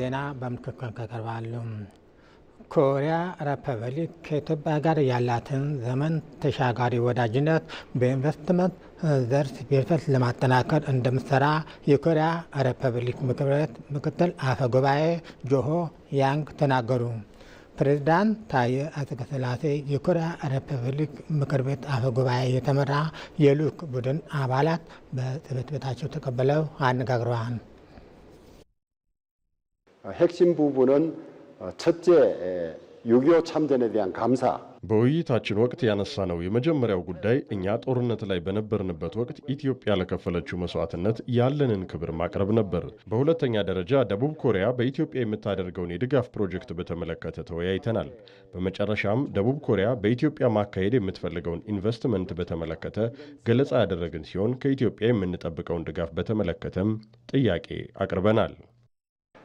ዜና በምልክት ከቀርባሉ። ኮሪያ ሪፐብሊክ ከኢትዮጵያ ጋር ያላትን ዘመን ተሻጋሪ ወዳጅነት በኢንቨስትመንት ዘርፍ ቤተት ለማጠናከር እንደምትሰራ የኮሪያ ሪፐብሊክ ምክር ቤት ምክትል አፈ ጉባኤ ጆሆ ያንግ ተናገሩ። ፕሬዚዳንት ታዬ አጽቀሥላሴ የኮሪያ ሪፐብሊክ ምክር ቤት አፈ ጉባኤ የተመራ የልዑክ ቡድን አባላት በጽሕፈት ቤታቸው ተቀብለው አነጋግረዋል። 핵심 부분은 첫째 유 참전에 대한 감사 በውይይታችን ወቅት ያነሳ ነው የመጀመሪያው ጉዳይ እኛ ጦርነት ላይ በነበርንበት ወቅት ኢትዮጵያ ለከፈለችው መስዋዕትነት ያለንን ክብር ማቅረብ ነበር። በሁለተኛ ደረጃ ደቡብ ኮሪያ በኢትዮጵያ የምታደርገውን የድጋፍ ፕሮጀክት በተመለከተ ተወያይተናል። በመጨረሻም ደቡብ ኮሪያ በኢትዮጵያ ማካሄድ የምትፈልገውን ኢንቨስትመንት በተመለከተ ገለጻ ያደረግን ሲሆን ከኢትዮጵያ የምንጠብቀውን ድጋፍ በተመለከተም ጥያቄ አቅርበናል።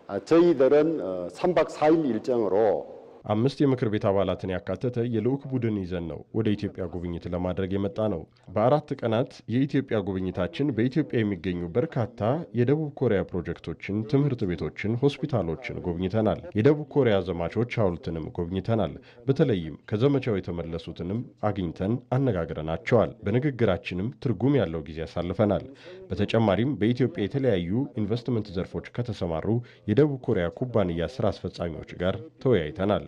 아, 저희들은 3박 어, 4일 일정으로 አምስት የምክር ቤት አባላትን ያካተተ የልዑክ ቡድን ይዘን ነው ወደ ኢትዮጵያ ጉብኝት ለማድረግ የመጣ ነው። በአራት ቀናት የኢትዮጵያ ጉብኝታችን በኢትዮጵያ የሚገኙ በርካታ የደቡብ ኮሪያ ፕሮጀክቶችን፣ ትምህርት ቤቶችን፣ ሆስፒታሎችን ጎብኝተናል። የደቡብ ኮሪያ ዘማቾች ሐውልትንም ጎብኝተናል። በተለይም ከዘመቻው የተመለሱትንም አግኝተን አነጋግረናቸዋል። በንግግራችንም ትርጉም ያለው ጊዜ አሳልፈናል። በተጨማሪም በኢትዮጵያ የተለያዩ ኢንቨስትመንት ዘርፎች ከተሰማሩ የደቡብ ኮሪያ ኩባንያ ስራ አስፈጻሚዎች ጋር ተወያይተናል።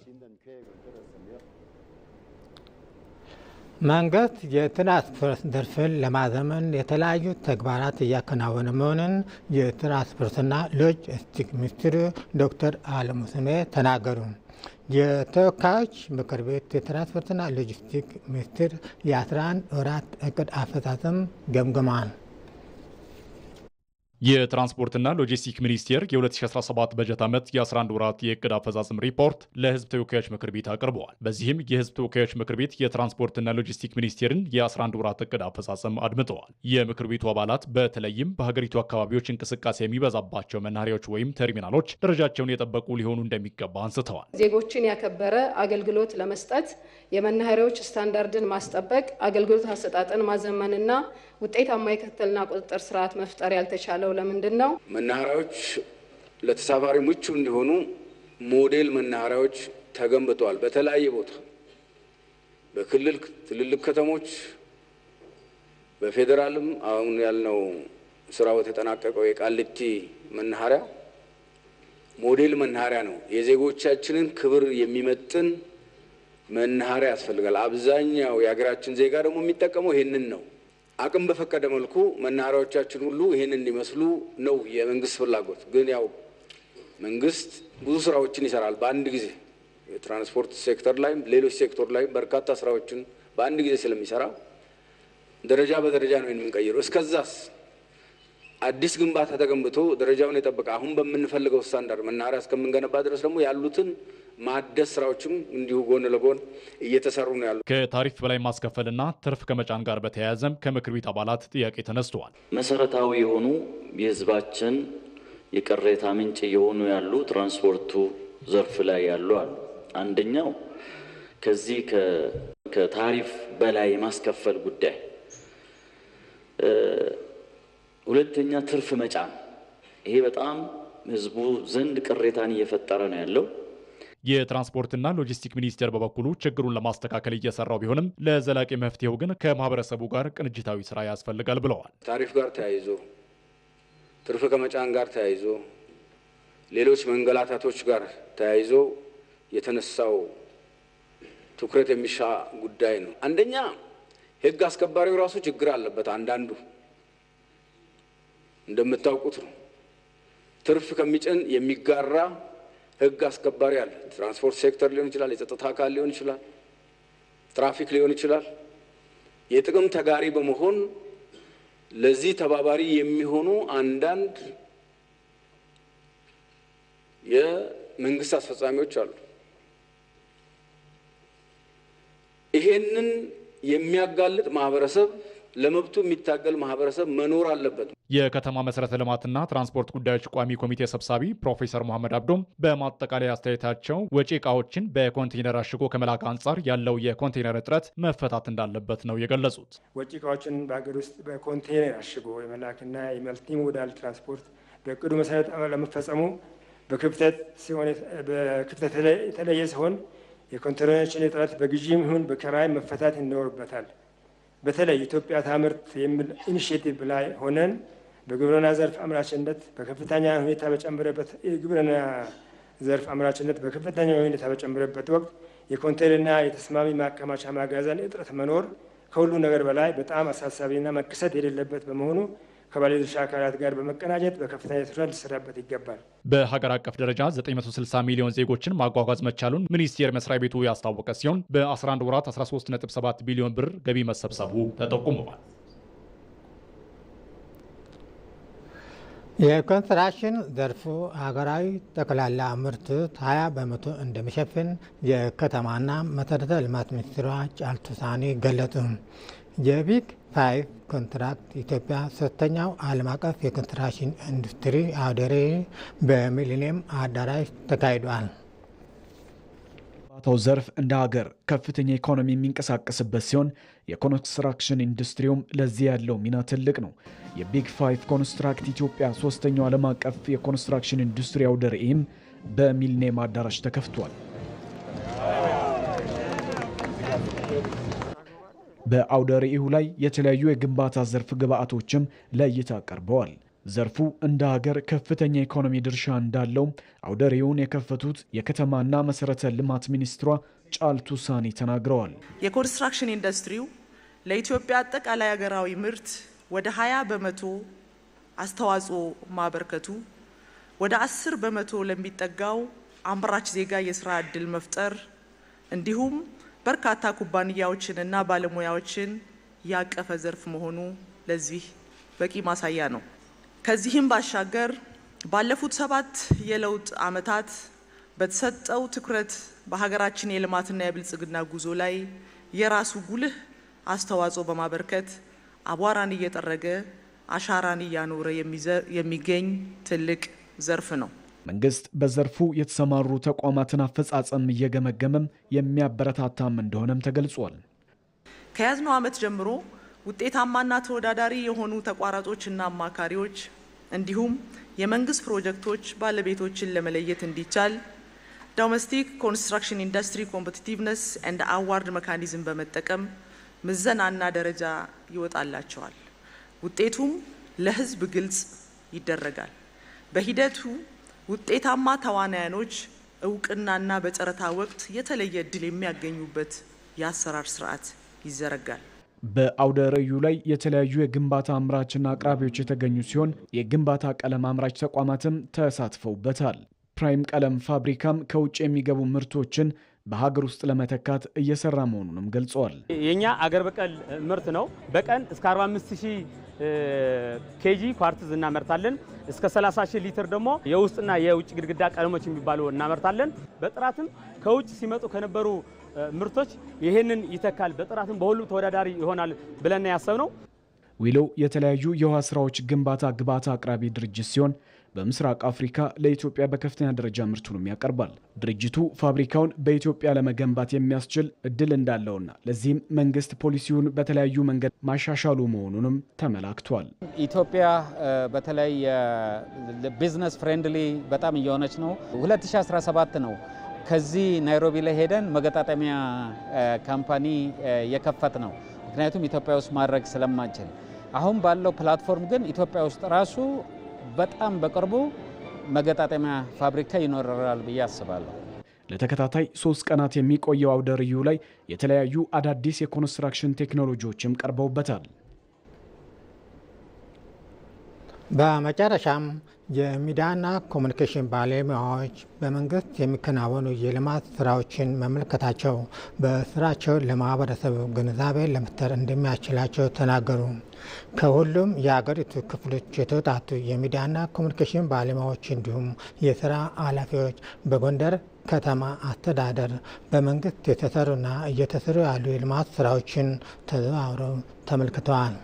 መንግስት የትራንስፖርትን ለማዘመን የተለያዩ ተግባራት እያከናወነ መሆኑን የትራንስፖርትና ሎጂስቲክ ሚኒስትር ዶክተር አለሙ ስሜ ተናገሩ። የተወካዮች ምክር ቤት የትራንስፖርትና ሎጂስቲክ ሚኒስትር የ11 ወራት እቅድ አፈጻጸም ገምግመዋል። የትራንስፖርትና ሎጂስቲክ ሚኒስቴር የ2017 በጀት ዓመት የ11 ወራት የእቅድ አፈጻጸም ሪፖርት ለሕዝብ ተወካዮች ምክር ቤት አቅርበዋል። በዚህም የሕዝብ ተወካዮች ምክር ቤት የትራንስፖርትና ሎጂስቲክ ሚኒስቴርን የ11 ወራት እቅድ አፈጻጸም አድምጠዋል። የምክር ቤቱ አባላት በተለይም በሀገሪቱ አካባቢዎች እንቅስቃሴ የሚበዛባቸው መናኸሪያዎች ወይም ተርሚናሎች ደረጃቸውን የጠበቁ ሊሆኑ እንደሚገባ አንስተዋል። ዜጎችን ያከበረ አገልግሎት ለመስጠት የመናኸሪያዎች ስታንዳርድን ማስጠበቅ፣ አገልግሎት አሰጣጥን ማዘመንና ውጤታማ የክትትልና ቁጥጥር ስርዓት መፍጠር ያልተቻለው ለምንድን ነው? መናኸሪያዎች ለተሳፋሪ ምቹ እንዲሆኑ ሞዴል መናኸሪያዎች ተገንብተዋል። በተለያየ ቦታ በክልል ትልልቅ ከተሞች በፌዴራልም አሁን ያልነው ስራው የተጠናቀቀው የቃሊቲ መናኸሪያ ሞዴል መናኸሪያ ነው። የዜጎቻችንን ክብር የሚመጥን መናኸሪያ ያስፈልጋል። አብዛኛው የሀገራችን ዜጋ ደግሞ የሚጠቀመው ይህንን ነው። አቅም በፈቀደ መልኩ መናኸሪያዎቻችን ሁሉ ይህን እንዲመስሉ ነው የመንግስት ፍላጎት። ግን ያው መንግስት ብዙ ስራዎችን ይሰራል በአንድ ጊዜ የትራንስፖርት ሴክተር ላይም ሌሎች ሴክተር ላይም በርካታ ስራዎችን በአንድ ጊዜ ስለሚሰራ ደረጃ በደረጃ ነው የምንቀይረው። እስከዛስ አዲስ ግንባታ ተገንብቶ ደረጃውን የጠበቀ አሁን በምንፈልገው ስታንዳርድ መናኸሪያ እስከምንገነባ ድረስ ደግሞ ያሉትን ማደስ ስራዎችም እንዲሁ ጎን ለጎን እየተሰሩ ነው ያሉ። ከታሪፍ በላይ ማስከፈልና ትርፍ ከመጫን ጋር በተያያዘም ከምክር ቤት አባላት ጥያቄ ተነስተዋል። መሰረታዊ የሆኑ የህዝባችን የቅሬታ ምንጭ የሆኑ ያሉ ትራንስፖርቱ ዘርፍ ላይ ያሉ አሉ። አንደኛው ከዚህ ከታሪፍ በላይ የማስከፈል ጉዳይ፣ ሁለተኛ ትርፍ መጫን። ይሄ በጣም ህዝቡ ዘንድ ቅሬታን እየፈጠረ ነው ያለው። የትራንስፖርትና ሎጂስቲክ ሚኒስቴር በበኩሉ ችግሩን ለማስተካከል እየሰራው ቢሆንም ለዘላቂ መፍትሄው ግን ከማህበረሰቡ ጋር ቅንጅታዊ ስራ ያስፈልጋል ብለዋል። ታሪፍ ጋር ተያይዞ ትርፍ ከመጫን ጋር ተያይዞ ሌሎች መንገላታቶች ጋር ተያይዞ የተነሳው ትኩረት የሚሻ ጉዳይ ነው። አንደኛ ህግ አስከባሪው ራሱ ችግር አለበት። አንዳንዱ እንደምታውቁት ነው ትርፍ ከሚጭን የሚጋራ ህግ አስከባሪ አለ። ትራንስፖርት ሴክተር ሊሆን ይችላል፣ የጸጥታ አካል ሊሆን ይችላል፣ ትራፊክ ሊሆን ይችላል። የጥቅም ተጋሪ በመሆን ለዚህ ተባባሪ የሚሆኑ አንዳንድ የመንግስት አስፈጻሚዎች አሉ። ይሄንን የሚያጋልጥ ማህበረሰብ ለመብቱ የሚታገል ማህበረሰብ መኖር አለበት። የከተማ መሰረተ ልማትና ትራንስፖርት ጉዳዮች ቋሚ ኮሚቴ ሰብሳቢ ፕሮፌሰር መሐመድ አብዶም በማጠቃለያ አስተያየታቸው ወጪ እቃዎችን በኮንቴይነር አሽጎ ከመላክ አንጻር ያለው የኮንቴይነር እጥረት መፈታት እንዳለበት ነው የገለጹት። ወጪ እቃዎችን በሀገር ውስጥ በኮንቴይነር አሽጎ የመላክና የመልቲ ሞዳል ትራንስፖርት በእቅዱ መሰረት ለመፈጸሙ በክፍተት የተለየ ሲሆን የኮንቴይነሮችን እጥረት በግዢም ይሁን በኪራይ መፈታት ይኖርበታል። በተለይ ኢትዮጵያ ታምርት የሚል ኢኒሽቲቭ ላይ ሆነን በግብርና ዘርፍ አምራችነት በከፍተኛ ሁኔታ በጨመረበት የግብርና ዘርፍ አምራችነት በከፍተኛ ሁኔታ በጨመረበት ወቅት የኮንቴይነርና የተስማሚ ማከማቻ ማጋዘን እጥረት መኖር ከሁሉ ነገር በላይ በጣም አሳሳቢና መከሰት የሌለበት በመሆኑ ከባለድርሻ አካላት ጋር በመቀናጀት በከፍተኛ ትኩረት ሊሰራበት ይገባል። በሀገር አቀፍ ደረጃ 960 ሚሊዮን ዜጎችን ማጓጓዝ መቻሉን ሚኒስቴር መስሪያ ቤቱ ያስታወቀ ሲሆን በ11 ወራት 13.7 ቢሊዮን ብር ገቢ መሰብሰቡ ተጠቁመዋል። የኮንስትራክሽን ዘርፉ ሀገራዊ ጠቅላላ ምርት 20 በመቶ እንደሚሸፍን የከተማና መሰረተ ልማት ሚኒስትሯ ጫልቱ ሳኒ ገለጹ። የቢክ ፋይቭ ኮንትራክት ኢትዮጵያ ሶስተኛው ዓለም አቀፍ የኮንስትራክሽን ኢንዱስትሪ አውደ ርዕይ በሚሊኒየም አዳራሽ ተካሂዷል። ግንባታው ዘርፍ እንደ ሀገር ከፍተኛ ኢኮኖሚ የሚንቀሳቀስበት ሲሆን የኮንስትራክሽን ኢንዱስትሪውም ለዚህ ያለው ሚና ትልቅ ነው። የቢግ ፋይቭ ኮንስትራክት ኢትዮጵያ ሶስተኛው ዓለም አቀፍ የኮንስትራክሽን ኢንዱስትሪ አውደ ርዕይም በሚሊኒየም አዳራሽ ተከፍቷል። በአውደ ርዕዩ ላይ የተለያዩ የግንባታ ዘርፍ ግብዓቶችም ለእይታ ቀርበዋል። ዘርፉ እንደ ሀገር ከፍተኛ የኢኮኖሚ ድርሻ እንዳለው አውደ ርዕዩን የከፈቱት የከተማና መሰረተ ልማት ሚኒስትሯ ጫልቱ ሳኒ ተናግረዋል። የኮንስትራክሽን ኢንዱስትሪው ለኢትዮጵያ አጠቃላይ ሀገራዊ ምርት ወደ 20 በመቶ አስተዋጽኦ ማበርከቱ ወደ 10 በመቶ ለሚጠጋው አምራች ዜጋ የስራ ዕድል መፍጠር እንዲሁም በርካታ ኩባንያዎችንና ባለሙያዎችን ያቀፈ ዘርፍ መሆኑ ለዚህ በቂ ማሳያ ነው። ከዚህም ባሻገር ባለፉት ሰባት የለውጥ ዓመታት በተሰጠው ትኩረት በሀገራችን የልማትና የብልጽግና ጉዞ ላይ የራሱ ጉልህ አስተዋጽኦ በማበርከት አቧራን እየጠረገ አሻራን እያኖረ የሚገኝ ትልቅ ዘርፍ ነው። መንግስት በዘርፉ የተሰማሩ ተቋማትን አፈጻጸም እየገመገመም የሚያበረታታም እንደሆነም ተገልጿል። ከያዝነው ዓመት ጀምሮ ውጤታማና ተወዳዳሪ የሆኑ ተቋራጮችና አማካሪዎች እንዲሁም የመንግስት ፕሮጀክቶች ባለቤቶችን ለመለየት እንዲቻል ዶሜስቲክ ኮንስትራክሽን ኢንዱስትሪ ኮምፒቲቲቭነስ ኤንድ አዋርድ መካኒዝም በመጠቀም ምዘናና ደረጃ ይወጣላቸዋል። ውጤቱም ለህዝብ ግልጽ ይደረጋል። በሂደቱ ውጤታማ ተዋናያኖች እውቅናና በጨረታ ወቅት የተለየ እድል የሚያገኙበት የአሰራር ስርዓት ይዘረጋል። በአውደ ርዕዩ ላይ የተለያዩ የግንባታ አምራችና አቅራቢዎች የተገኙ ሲሆን የግንባታ ቀለም አምራች ተቋማትም ተሳትፈውበታል። ፕራይም ቀለም ፋብሪካም ከውጭ የሚገቡ ምርቶችን በሀገር ውስጥ ለመተካት እየሰራ መሆኑንም ገልጿል። የኛ አገር በቀል ምርት ነው። በቀን እስከ 45000 ኬጂ ኳርትዝ እናመርታለን። እስከ 30000 ሊትር ደግሞ የውስጥና የውጭ ግድግዳ ቀለሞች የሚባሉ እናመርታለን። በጥራትም ከውጭ ሲመጡ ከነበሩ ምርቶች ይህንን ይተካል። በጥራትም በሁሉም ተወዳዳሪ ይሆናል ብለን ያሰብነው ዊሎው የተለያዩ የውሃ ስራዎች ግንባታ ግብዓት አቅራቢ ድርጅት ሲሆን በምስራቅ አፍሪካ ለኢትዮጵያ በከፍተኛ ደረጃ ምርቱንም ያቀርባል። ድርጅቱ ፋብሪካውን በኢትዮጵያ ለመገንባት የሚያስችል እድል እንዳለውና ለዚህም መንግስት ፖሊሲውን በተለያዩ መንገድ ማሻሻሉ መሆኑንም ተመላክቷል። ኢትዮጵያ በተለይ ቢዝነስ ፍሬንድሊ በጣም እየሆነች ነው። 2017 ነው ከዚህ ናይሮቢ ላይ ሄደን መገጣጠሚያ ካምፓኒ የከፈት ነው። ምክንያቱም ኢትዮጵያ ውስጥ ማድረግ ስለማንችል አሁን ባለው ፕላትፎርም ግን ኢትዮጵያ ውስጥ ራሱ በጣም በቅርቡ መገጣጠሚያ ፋብሪካ ይኖራል ብዬ አስባለሁ። ለተከታታይ ሶስት ቀናት የሚቆየው አውደ ርዕዩ ላይ የተለያዩ አዳዲስ የኮንስትራክሽን ቴክኖሎጂዎችም ቀርበውበታል። በመጨረሻም የሚዲያና ኮሚኒኬሽን ባለሙያዎች በመንግስት የሚከናወኑ የልማት ስራዎችን መመልከታቸው በስራቸው ለማህበረሰብ ግንዛቤ ለመፍጠር እንደሚያስችላቸው ተናገሩ። ከሁሉም የአገሪቱ ክፍሎች የተውጣጡ የሚዲያና ኮሚኒኬሽን ባለሙያዎች እንዲሁም የስራ ኃላፊዎች በጎንደር ከተማ አስተዳደር በመንግስት የተሰሩና እየተሰሩ ያሉ የልማት ስራዎችን ተዘዋውረው ተመልክተዋል።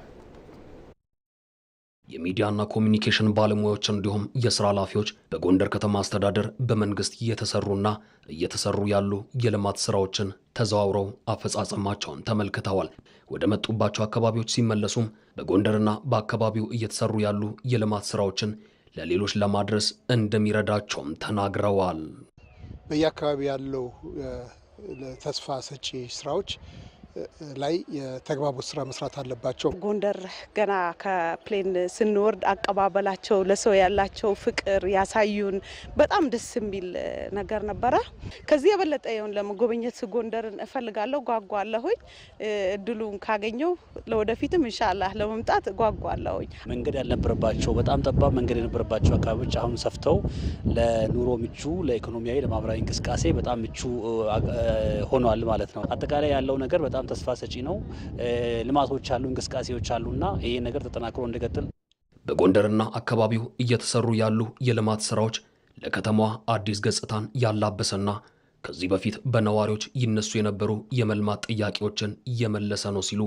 የሚዲያና ኮሚኒኬሽን ባለሙያዎች እንዲሁም የስራ ኃላፊዎች በጎንደር ከተማ አስተዳደር በመንግስት እየተሰሩና እየተሰሩ ያሉ የልማት ስራዎችን ተዘዋውረው አፈጻጸማቸውን ተመልክተዋል። ወደ መጡባቸው አካባቢዎች ሲመለሱም በጎንደርና በአካባቢው እየተሰሩ ያሉ የልማት ስራዎችን ለሌሎች ለማድረስ እንደሚረዳቸውም ተናግረዋል። በየአካባቢ ያለው ተስፋ ሰጪ ስራዎች ላይ የተግባቦት ስራ መስራት አለባቸው። ጎንደር ገና ከፕሌን ስንወርድ አቀባበላቸው፣ ለሰው ያላቸው ፍቅር ያሳዩን በጣም ደስ የሚል ነገር ነበረ። ከዚህ የበለጠ የሆን ለመጎበኘት ጎንደርን እፈልጋለሁ፣ ጓጓለሁኝ። እድሉን ካገኘው ለወደፊትም እንሻላህ ለመምጣት ጓጓለሁኝ። መንገድ ያልነበረባቸው በጣም ጠባብ መንገድ የነበረባቸው አካባቢዎች አሁን ሰፍተው ለኑሮ ምቹ፣ ለኢኮኖሚያዊ፣ ለማህበራዊ እንቅስቃሴ በጣም ምቹ ሆኗል ማለት ነው። አጠቃላይ ያለው ነገር በጣም በጣም ተስፋ ሰጪ ነው። ልማቶች አሉ፣ እንቅስቃሴዎች አሉና ይህ ነገር ተጠናክሮ እንደቀጥል በጎንደርና አካባቢው እየተሰሩ ያሉ የልማት ስራዎች ለከተማዋ አዲስ ገጽታን ያላበሰና ከዚህ በፊት በነዋሪዎች ይነሱ የነበሩ የመልማት ጥያቄዎችን እየመለሰ ነው ሲሉ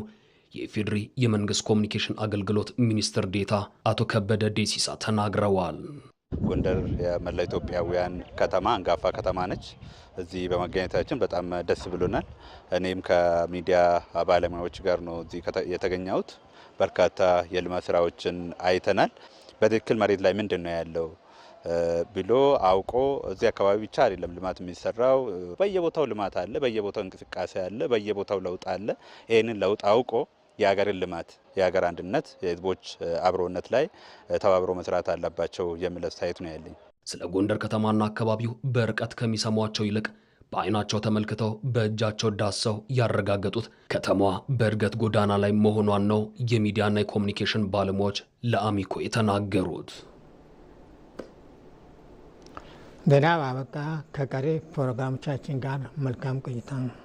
የኢፌዴሪ የመንግስት ኮሚኒኬሽን አገልግሎት ሚኒስትር ዴታ አቶ ከበደ ዴሲሳ ተናግረዋል። ጎንደር የመላ ኢትዮጵያውያን ከተማ አንጋፋ ከተማ ነች። እዚህ በመገኘታችን በጣም ደስ ብሎናል። እኔም ከሚዲያ ባለሙያዎች ጋር ነው እዚህ የተገኘሁት። በርካታ የልማት ስራዎችን አይተናል። በትክክል መሬት ላይ ምንድን ነው ያለው ብሎ አውቆ እዚህ አካባቢ ብቻ አይደለም ልማት የሚሰራው። በየቦታው ልማት አለ፣ በየቦታው እንቅስቃሴ አለ፣ በየቦታው ለውጥ አለ። ይህንን ለውጥ አውቆ የሀገርን ልማት፣ የሀገር አንድነት፣ የህዝቦች አብሮነት ላይ ተባብሮ መስራት አለባቸው የሚል አስተያየት ነው ያለኝ። ስለ ጎንደር ከተማና አካባቢው በርቀት ከሚሰሟቸው ይልቅ በአይናቸው ተመልክተው በእጃቸው ዳሰው ያረጋገጡት ከተማዋ በእድገት ጎዳና ላይ መሆኗን ነው የሚዲያና የኮሚኒኬሽን ባለሙያዎች ለአሚኮ የተናገሩት። ዜና አበቃ። ከቀሪ ፕሮግራሞቻችን ጋር መልካም ቆይታ ነው።